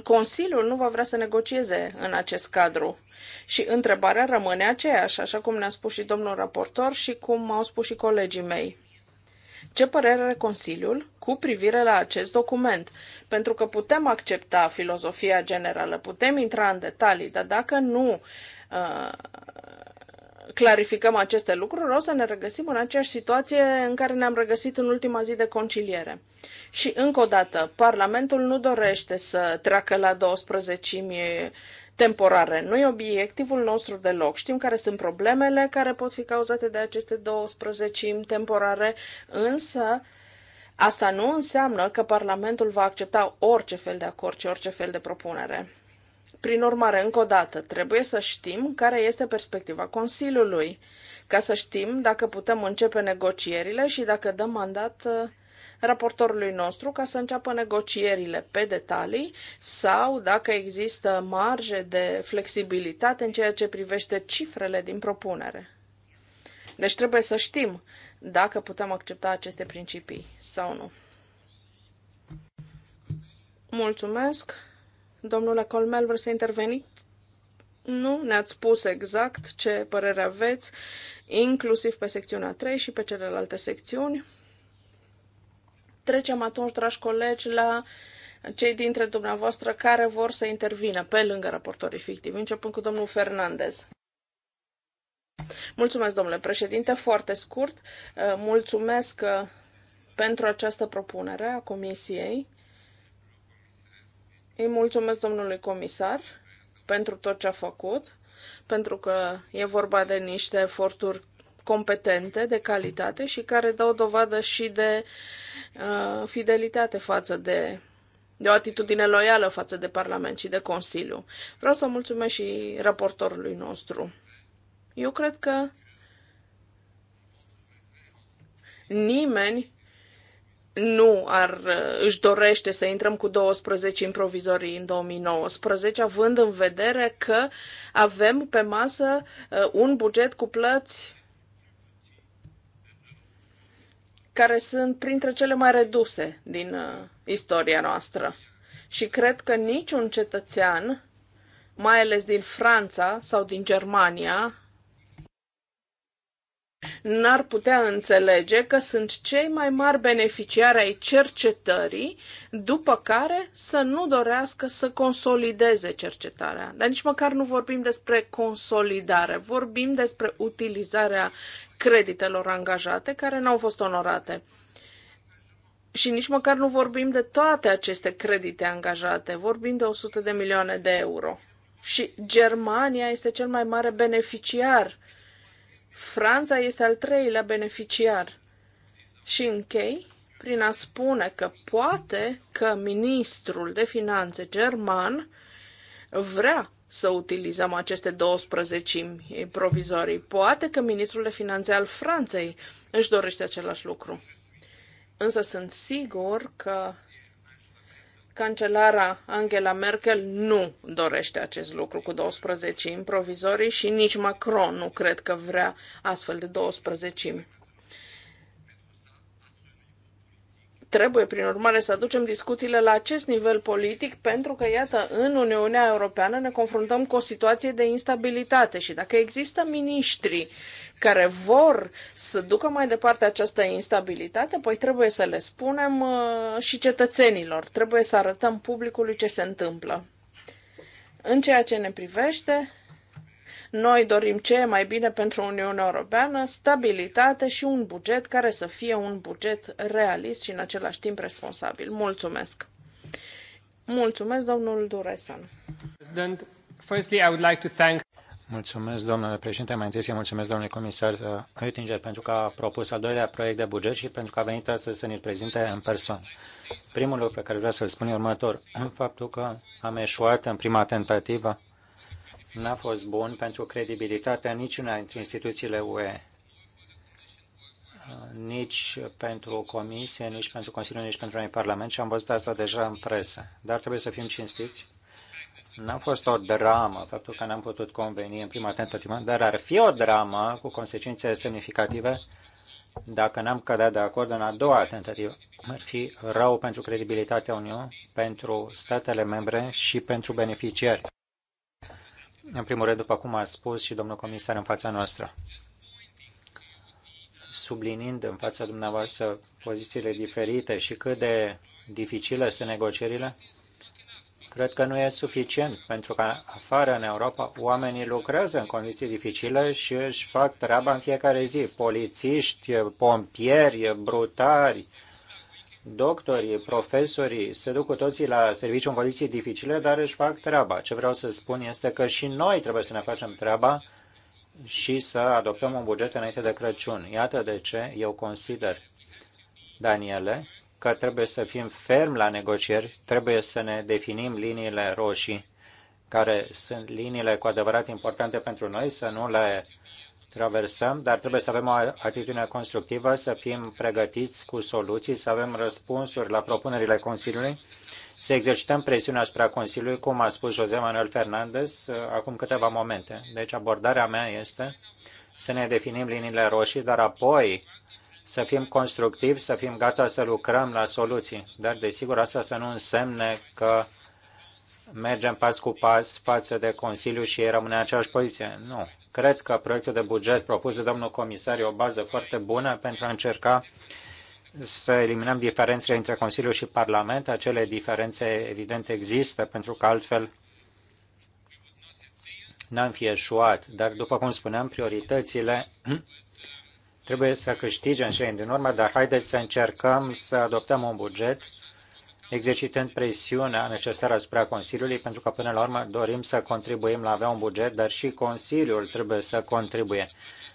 Consiliul nu va vrea să negocieze în acest cadru. Și întrebarea rămâne aceeași, așa cum ne-a spus și domnul raportor și cum au spus și colegii mei. Ce părere are Consiliul cu privire la acest document? Pentru că putem accepta filozofia generală, putem intra în detalii, dar dacă nu uh, clarificăm aceste lucruri, o să ne regăsim în aceeași situație în care ne-am regăsit în ultima zi de conciliere. Și încă o dată, Parlamentul nu dorește să treacă la 12 temporare. Nu e obiectivul nostru deloc. Știm care sunt problemele care pot fi cauzate de aceste 12 temporare, însă asta nu înseamnă că Parlamentul va accepta orice fel de acord și orice fel de propunere. Prin urmare, încă o dată, trebuie să știm care este perspectiva Consiliului, ca să știm dacă putem începe negocierile și dacă dăm mandat uh, raportorului nostru ca să înceapă negocierile pe detalii sau dacă există marge de flexibilitate în ceea ce privește cifrele din propunere. Deci trebuie să știm dacă putem accepta aceste principii sau nu. Mulțumesc. Domnule Colmel, vreți să interveniți? Nu, ne-ați spus exact ce părere aveți, inclusiv pe secțiunea 3 și pe celelalte secțiuni. Trecem atunci, dragi colegi, la cei dintre dumneavoastră care vor să intervină pe lângă raportorii fictivi, începând cu domnul Fernandez. Mulțumesc, domnule președinte. Foarte scurt, uh, mulțumesc uh, pentru această propunere a Comisiei. Îi mulțumesc domnului comisar pentru tot ce a făcut, pentru că e vorba de niște eforturi competente, de calitate și care dau dovadă și de uh, fidelitate față de de o atitudine loială față de Parlament și de Consiliu. Vreau să mulțumesc și raportorului nostru. Eu cred că nimeni nu ar, uh, își dorește să intrăm cu 12 improvizorii în 2019, având în vedere că avem pe masă uh, un buget cu plăți care sunt printre cele mai reduse din uh, istoria noastră. Și cred că niciun cetățean, mai ales din Franța sau din Germania, n-ar putea înțelege că sunt cei mai mari beneficiari ai cercetării, după care să nu dorească să consolideze cercetarea. Dar nici măcar nu vorbim despre consolidare, vorbim despre utilizarea creditelor angajate care n-au fost onorate. Și nici măcar nu vorbim de toate aceste credite angajate, vorbim de 100 de milioane de euro. Și Germania este cel mai mare beneficiar uh, Franța este al treilea beneficiar. Și închei prin a spune că poate că ministrul de finanțe german vrea să utilizăm aceste 12 provizorii. Poate că ministrul de finanțe al Franței își dorește același lucru. Însă sunt sigur că Cancelara Angela Merkel nu dorește acest lucru cu 12 provizorii și nici Macron nu cred că vrea astfel de 12. Trebuie, prin urmare, să aducem discuțiile la acest nivel politic, pentru că, iată, în Uniunea Europeană ne confruntăm cu o situație de instabilitate și dacă există miniștri care vor să ducă mai departe această instabilitate, păi trebuie să le spunem uh, și cetățenilor, trebuie să arătăm publicului ce se întâmplă. În ceea ce ne privește, noi dorim ce mai bine pentru Uniunea Europeană, stabilitate și un buget care să fie un buget realist și în același timp responsabil. Mulțumesc! Mulțumesc, domnul Duresan. President, firstly, I would like to thank Mulțumesc, domnule președinte. Mai întâi să mulțumesc, domnule comisar uh, Oettinger, pentru că a propus al doilea proiect de buget și pentru că a venit astăzi să ne-l prezinte în persoană. Primul lucru pe care vreau să-l spun e următor. În faptul că am eșuat în prima tentativă n-a fost bun pentru credibilitatea niciuna dintre instituțiile UE, nici pentru Comisie, nici pentru Consiliu, nici pentru noi Parlament și am văzut asta deja în presă. Dar trebuie să fim cinstiți. N-a fost o dramă faptul că n-am putut conveni în prima tentativă, dar ar fi o dramă cu consecințe semnificative dacă n-am cădat de acord în a doua tentativă. Ar fi rău pentru credibilitatea Uniunii, pentru statele membre și pentru beneficiari. În primul rând, după cum a spus și domnul comisar în fața noastră, sublinind în fața dumneavoastră pozițiile diferite și cât de dificile sunt negocierile, cred că nu e suficient, pentru că afară în Europa oamenii lucrează în condiții dificile și își fac treaba în fiecare zi. Polițiști, pompieri, brutari, Doctorii, profesorii se duc cu toții la serviciu în condiții dificile, dar își fac treaba. Ce vreau să spun este că și noi trebuie să ne facem treaba și să adoptăm un buget înainte de Crăciun. Iată de ce eu consider, Daniele, că trebuie să fim ferm la negocieri, trebuie să ne definim liniile roșii, care sunt liniile cu adevărat importante pentru noi, să nu le traversăm, dar trebuie să avem o atitudine constructivă, să fim pregătiți cu soluții, să avem răspunsuri la propunerile Consiliului, să exercităm presiunea asupra Consiliului, cum a spus José Manuel Fernandez acum câteva momente. Deci abordarea mea este să ne definim liniile roșii, dar apoi să fim constructivi, să fim gata să lucrăm la soluții. Dar, desigur, asta să nu însemne că mergem pas cu pas față de Consiliu și ei rămâne în aceeași poziție. Nu. Cred că proiectul de buget propus de domnul comisar e o bază foarte bună pentru a încerca să eliminăm diferențele între Consiliu și Parlament. Acele diferențe evident există pentru că altfel n-am fi eșuat. Dar după cum spuneam, prioritățile trebuie să câștigem în din urmă, dar haideți să încercăm să adoptăm un buget exercitând presiunea necesară asupra Consiliului, pentru că până la urmă dorim să contribuim la avea un buget, dar și Consiliul trebuie să contribuie.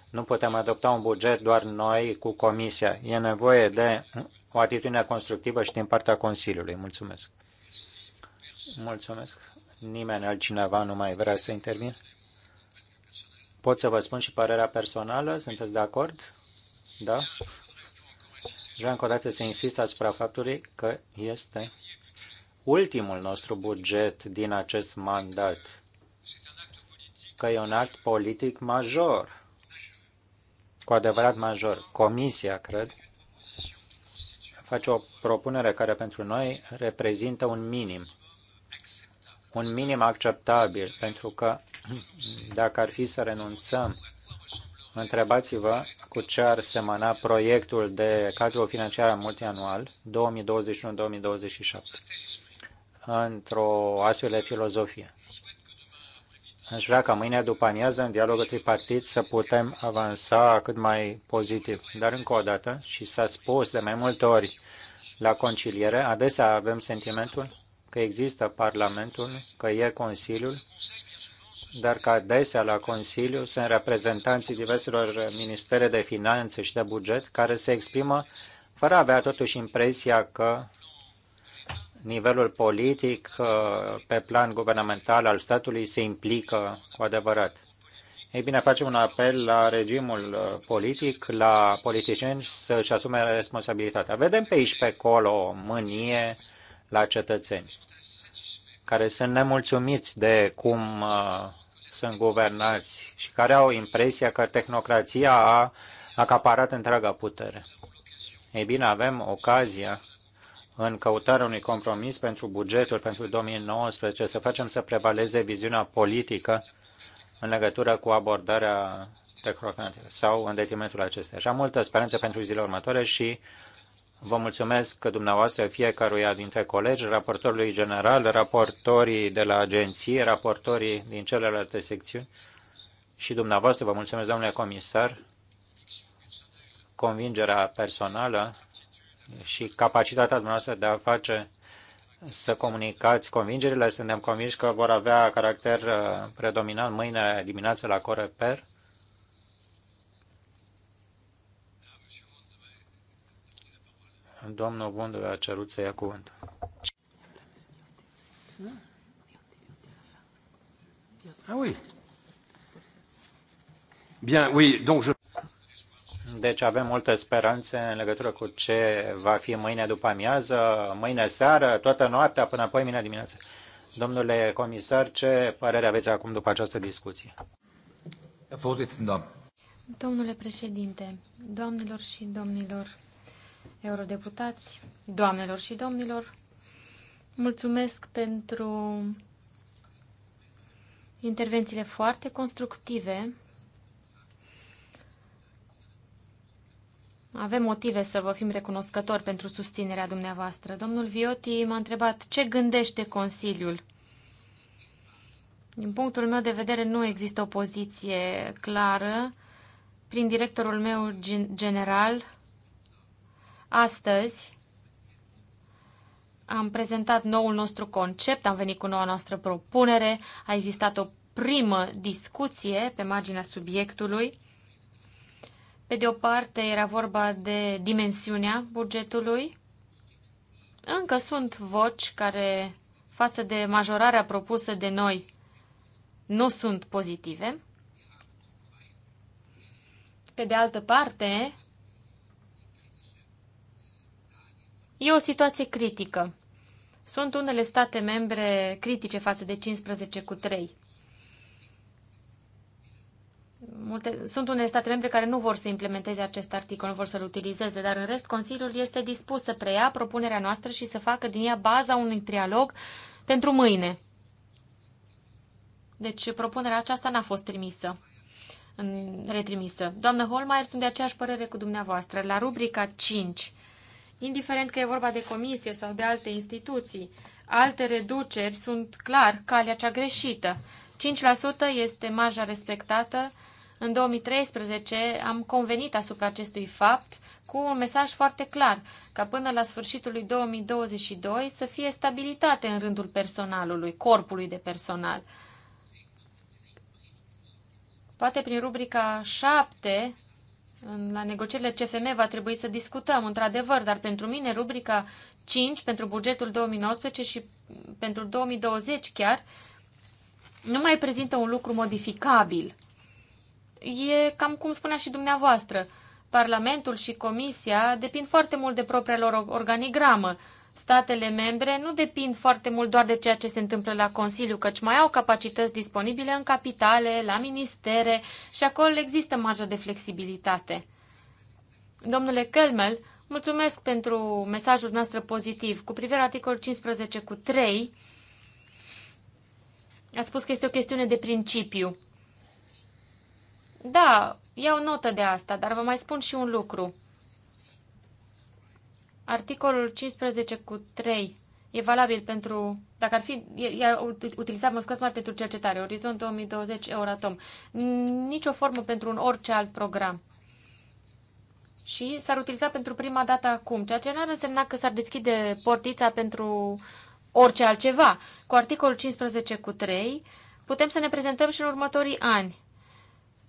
Nu putem adopta un buget doar noi cu Comisia. E nevoie de o atitudine constructivă și din partea Consiliului. Mulțumesc. Mulțumesc. Nimeni altcineva nu mai vrea să intervin? Pot să vă spun și părerea personală? Sunteți de acord? Da? Vreau încă o dată să insist asupra faptului că este ultimul nostru buget din acest mandat, că e un act politic major, cu adevărat major. Comisia, cred, face o propunere care pentru noi reprezintă un minim, un minim acceptabil, pentru că dacă ar fi să renunțăm Întrebați-vă cu ce ar semăna proiectul de cadru financiar multianual 2021-2027 într-o astfel de filozofie. Aș vrea ca mâine după amiază, în dialogul tripartit, să putem avansa cât mai pozitiv. Dar încă o dată, și s-a spus de mai multe ori la conciliere, adesea avem sentimentul că există Parlamentul, că e Consiliul dar că adesea la Consiliu sunt reprezentanții diverselor ministere de finanțe și de buget care se exprimă fără a avea totuși impresia că nivelul politic pe plan guvernamental al statului se implică cu adevărat. Ei bine, facem un apel la regimul uh, politic, la politicieni să-și asume responsabilitatea. Vedem pe aici, pe acolo, mânie la cetățeni care sunt nemulțumiți de cum uh, sunt guvernați și care au impresia că tehnocrația a acaparat întreaga putere. Ei bine, avem ocazia în căutarea unui compromis pentru bugetul pentru 2019 să facem să prevaleze viziunea politică în legătură cu abordarea tehnocratică sau în detrimentul acesteia. Și am multă speranță pentru zilele următoare și Vă mulțumesc că dumneavoastră fiecăruia dintre colegi, raportorului general, raportorii de la agenție, raportorii din celelalte secțiuni și dumneavoastră vă mulțumesc, domnule comisar, convingerea personală și capacitatea dumneavoastră de a face să comunicați convingerile. Suntem convinși că vor avea caracter uh, predominant mâine dimineață la Coreper Domnul Bundul a cerut să ia cuvânt. Ah oui. Bien, oui, donc je... Deci avem multe speranțe în legătură cu ce va fi mâine după amiază, mâine seară, toată noaptea până apoi mine dimineață. Domnule comisar, ce părere aveți acum după această discuție? Domnule președinte, doamnelor și domnilor, eurodeputați, doamnelor și domnilor, mulțumesc pentru intervențiile foarte constructive. Avem motive să vă fim recunoscători pentru susținerea dumneavoastră. Domnul Vioti m-a întrebat ce gândește Consiliul. Din punctul meu de vedere, nu există o poziție clară. Prin directorul meu general, Astăzi am prezentat noul nostru concept, am venit cu noua noastră propunere, a existat o primă discuție pe marginea subiectului. Pe de o parte era vorba de dimensiunea bugetului. Încă sunt voci care, față de majorarea propusă de noi, nu sunt pozitive. Pe de altă parte, E o situație critică. Sunt unele state membre critice față de 15 cu 3. Multe, sunt unele state membre care nu vor să implementeze acest articol, nu vor să-l utilizeze, dar în rest Consiliul este dispus să preia propunerea noastră și să facă din ea baza unui trialog pentru mâine. Deci propunerea aceasta n-a fost trimisă, retrimisă. Doamnă Holmeier, sunt de aceeași părere cu dumneavoastră. La rubrica 5 indiferent că e vorba de comisie sau de alte instituții. Alte reduceri sunt clar calea cea greșită. 5% este marja respectată. În 2013 am convenit asupra acestui fapt cu un mesaj foarte clar, ca până la sfârșitul lui 2022 să fie stabilitate în rândul personalului, corpului de personal. Poate prin rubrica 7 la negocierile CFM va trebui să discutăm, într-adevăr, dar pentru mine rubrica 5 pentru bugetul 2019 și pentru 2020 chiar nu mai prezintă un lucru modificabil. E cam cum spunea și dumneavoastră, Parlamentul și Comisia depind foarte mult de propria lor organigramă statele membre nu depind foarte mult doar de ceea ce se întâmplă la Consiliu, căci mai au capacități disponibile în capitale, la ministere și acolo există marja de flexibilitate. Domnule Kelmel, mulțumesc pentru mesajul nostru pozitiv. Cu privire la articolul 15 cu 3, ați spus că este o chestiune de principiu. Da, iau notă de asta, dar vă mai spun și un lucru. Articolul 15 cu 3 e valabil pentru, dacă ar fi, e, e utilizat, mă scuzați, mai pentru cercetare, Orizont 2020, Euratom. Nicio formă pentru un orice alt program. Și s-ar utiliza pentru prima dată acum, ceea ce n-ar însemna că s-ar deschide portița pentru orice altceva. Cu articolul 15 cu 3 putem să ne prezentăm și în următorii ani,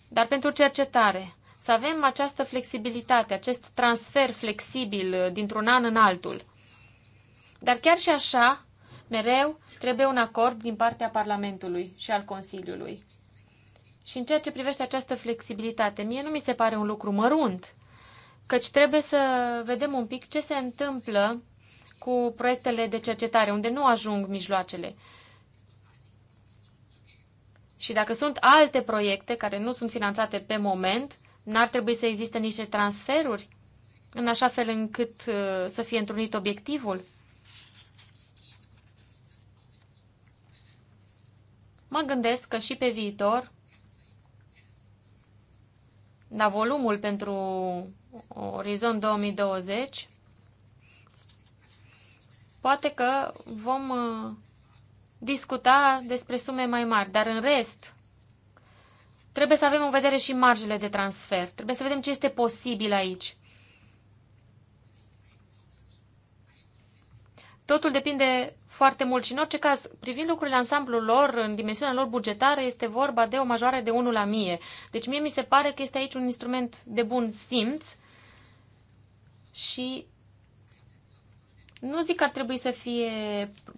dar pentru cercetare să avem această flexibilitate, acest transfer flexibil dintr-un an în altul. Dar chiar și așa, mereu trebuie un acord din partea Parlamentului și al Consiliului. Și în ceea ce privește această flexibilitate, mie nu mi se pare un lucru mărunt, căci trebuie să vedem un pic ce se întâmplă cu proiectele de cercetare, unde nu ajung mijloacele. Și dacă sunt alte proiecte care nu sunt finanțate pe moment, N-ar trebui să existe niște transferuri în așa fel încât uh, să fie întrunit obiectivul? Mă gândesc că și pe viitor, la volumul pentru Orizont 2020, poate că vom uh, discuta despre sume mai mari, dar în rest, Trebuie să avem în vedere și marjele de transfer. Trebuie să vedem ce este posibil aici. Totul depinde foarte mult și în orice caz, privind lucrurile ansamblul lor, în dimensiunea lor bugetară, este vorba de o majoare de 1 la 1000. Deci mie mi se pare că este aici un instrument de bun simț și nu zic că ar trebui să fie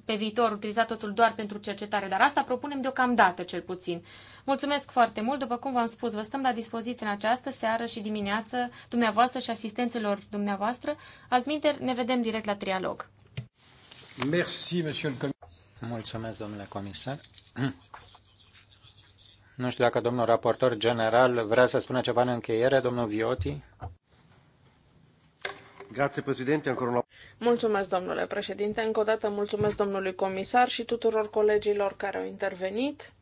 pe viitor utilizat totul doar pentru cercetare, dar asta propunem deocamdată, cel puțin. Mulțumesc foarte mult, după cum v-am spus, vă stăm la dispoziție în această seară și dimineață, dumneavoastră și asistenților dumneavoastră. Altminter, ne vedem direct la trialog. Merci, monsieur le Mulțumesc, domnule comisar. Nu știu dacă domnul raportor general vrea să spună ceva în încheiere, domnul Vioti. Mulțumesc, domnule președinte. Încă o dată mulțumesc domnului comisar și tuturor colegilor care au intervenit,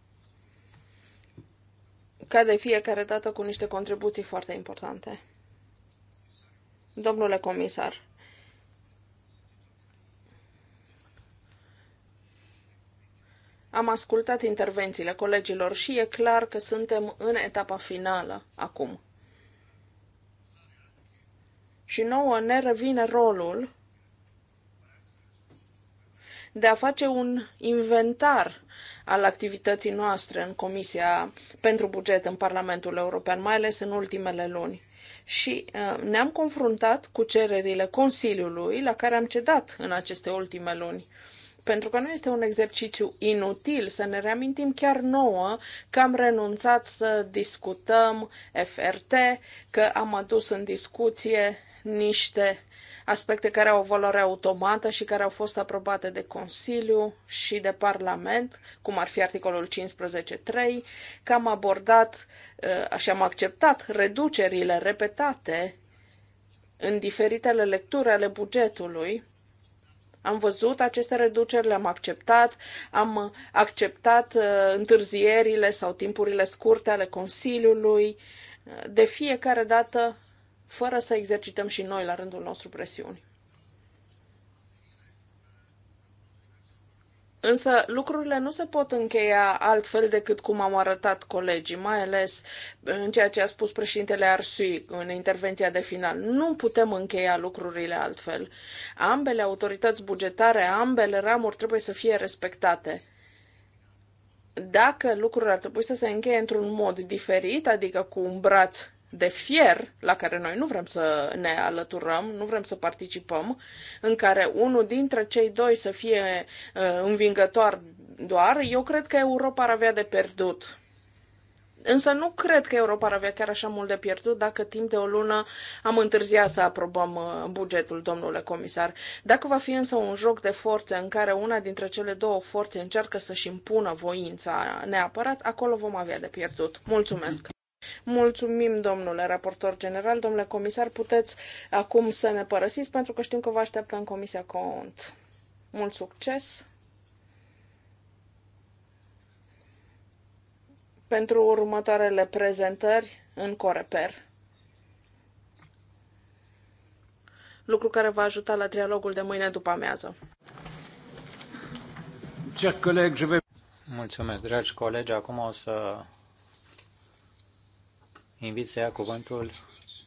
ca de fiecare dată cu niște contribuții foarte importante. Domnule comisar, Am ascultat intervențiile colegilor și e clar că suntem în etapa finală acum. Și nouă ne revine rolul de a face un inventar al activității noastre în Comisia pentru Buget în Parlamentul European, mai ales în ultimele luni. Și uh, ne-am confruntat cu cererile Consiliului la care am cedat în aceste ultime luni. Pentru că nu este un exercițiu inutil să ne reamintim chiar nouă că am renunțat să discutăm FRT, că am adus în discuție niște aspecte care au o valoare automată și care au fost aprobate de Consiliu și de Parlament, cum ar fi articolul 15.3, că am abordat uh, și am acceptat reducerile repetate în diferitele lecturi ale bugetului. Am văzut aceste reduceri, le-am acceptat, am acceptat uh, întârzierile sau timpurile scurte ale Consiliului. De fiecare dată fără să exercităm și noi la rândul nostru presiuni. Însă lucrurile nu se pot încheia altfel decât cum am arătat colegii, mai ales în ceea ce a spus președintele Arsui în intervenția de final. Nu putem încheia lucrurile altfel. Ambele autorități bugetare, ambele ramuri trebuie să fie respectate. Dacă lucrurile ar trebui să se încheie într-un mod diferit, adică cu un braț de fier la care noi nu vrem să ne alăturăm, nu vrem să participăm, în care unul dintre cei doi să fie uh, învingător doar, eu cred că Europa ar avea de pierdut. Însă nu cred că Europa ar avea chiar așa mult de pierdut dacă timp de o lună am întârziat să aprobăm uh, bugetul, domnule comisar. Dacă va fi însă un joc de forțe în care una dintre cele două forțe încearcă să-și impună voința neapărat, acolo vom avea de pierdut. Mulțumesc! Mulțumim, domnule raportor general, domnule comisar, puteți acum să ne părăsiți pentru că știm că vă așteaptă în Comisia Cont. Mult succes! Pentru următoarele prezentări în Coreper. Lucru care va ajuta la trialogul de mâine după amiază. Mulțumesc, dragi colegi. Acum o să invit să ia cuvântul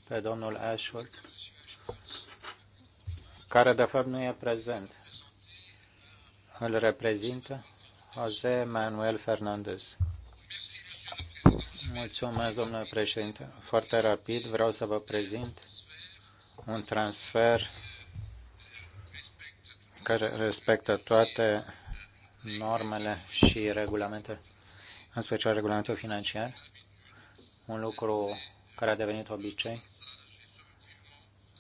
pe domnul Ashford, care de fapt nu e prezent. Îl reprezintă Jose Manuel Fernandez. Mulțumesc, domnule președinte. Foarte rapid vreau să vă prezint un transfer care respectă toate normele și regulamentele, în special regulamentul financiar un lucru care a devenit obicei.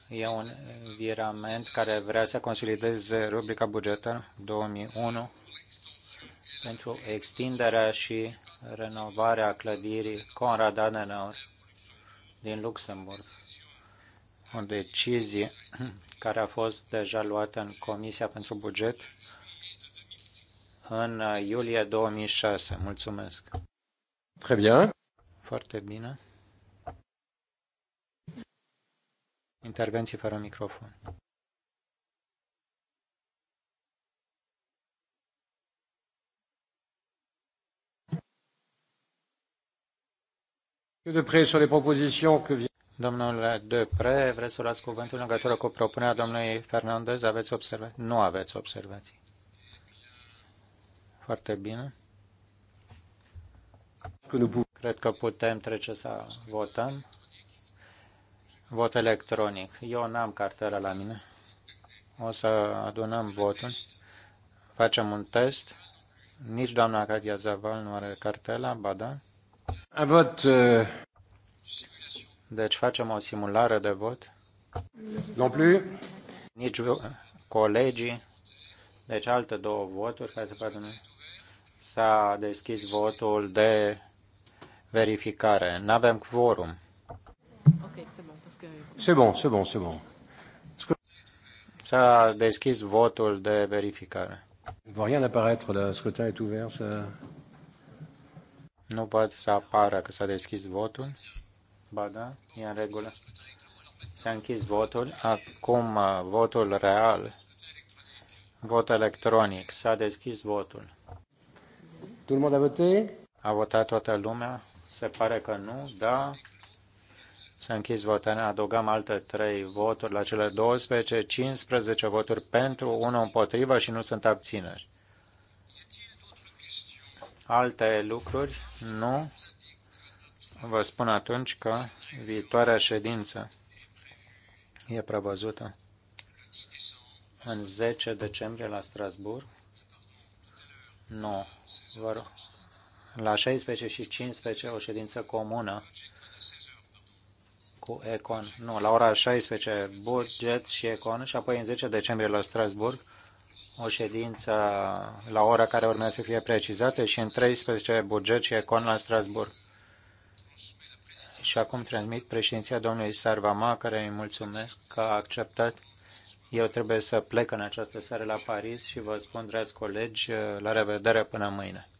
E un virament care vrea să consolideze rubrica bugetă 2001 pentru extinderea și renovarea clădirii Conrad Adenauer din Luxemburg. O decizie care a fost deja luată în Comisia pentru Buget în iulie 2006. Mulțumesc. Très bien. Foarte bine. Intervenții fără microfon. Depre, Domnule Depre, vreți să luați cuvântul în legătură cu propunerea domnului Fernandez? Aveți observații? Nu aveți observații. Foarte bine. Cred că putem trece să votăm. Vot electronic. Eu n-am cartela la mine. O să adunăm votul. Facem un test. Nici doamna Cadia Zaval nu are cartela, ba da. A vot. Uh, deci facem o simulare de vot. Nu plus. Nici colegii. Deci alte două voturi care se S-a deschis votul de Verificare. N-avem quorum. C'est bon, c'est bon, c'est bon. S-a deschis votul de verificare. Ne rien apparaître, le scrutin est ouvert. Ça... Nu văd să apară că s-a deschis votul. Ba da, e în regulă. S-a închis votul. Acum uh, votul real. Vot electronic. S-a deschis votul. Tout le monde a voté? A votat toată lumea. Se pare că nu, da. S-a închis votarea, adăugăm alte trei voturi la cele 12, 15 voturi pentru, 1 împotrivă și nu sunt abțineri. Alte lucruri? Nu. Vă spun atunci că viitoarea ședință e prevăzută în 10 decembrie la Strasburg. Nu, vă rog, la 16 și 15 o ședință comună cu Econ. Nu, la ora 16 buget și Econ și apoi în 10 decembrie la Strasburg o ședință la ora care urmează să fie precizată și în 13 buget și Econ la Strasburg. Și acum transmit președinția domnului Sarvama, care îi mulțumesc că a acceptat eu trebuie să plec în această seară la Paris și vă spun, dragi colegi, la revedere până mâine.